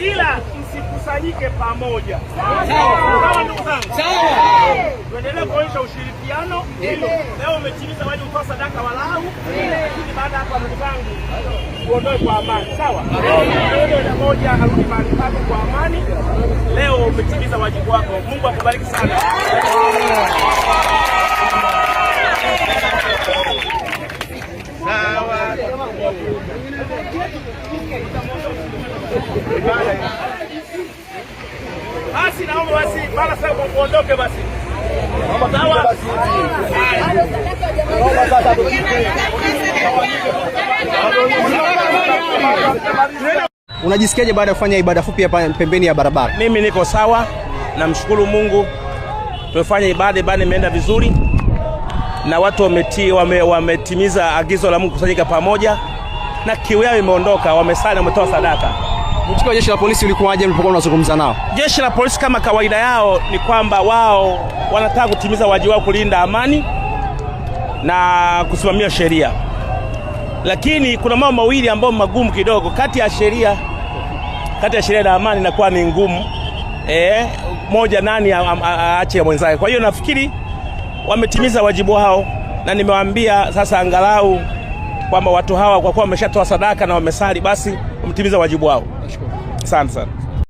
ila msikusanyike pamoja. Sawa ndugu zangu, tuendelee kuonyesha ushirikiano. Leo umetimiza wajibu kwa sadaka walau, lakini baada ya hapo, ndugu zangu, uondoe kwa amani. Sawa, moja arudi mahali pake kwa amani. Leo umetimiza wajibu wako. Mungu akubariki sana. Sawa. Basi naomba basi mara sasa muondoke basi. Sawa? Unajisikiaje baada ya kufanya ibada fupi hapa pembeni ya barabara? Mimi niko sawa, namshukuru Mungu. Tumefanya ibada, ibada imeenda vizuri na watu wametii, wame, wametimiza agizo la Mungu kusanyika pamoja na kiu yao imeondoka, wamesali, wametoa sadaka. Mchukua jeshi la polisi ulikuwaje mlipokuwa unazungumza nao? Jeshi la polisi kama kawaida yao ni kwamba wao wanataka kutimiza wajibu wao kulinda amani na kusimamia sheria, lakini kuna mambo mawili ambayo magumu kidogo kati ya sheria kati ya sheria na amani inakuwa ni ngumu eh, moja nani aache ya mwenzake. Kwa hiyo nafikiri wametimiza wajibu wao, na nimewaambia sasa angalau kwamba watu hawa kwa kuwa wameshatoa sadaka na wamesali, basi wametimiza wajibu wao. Asante sana.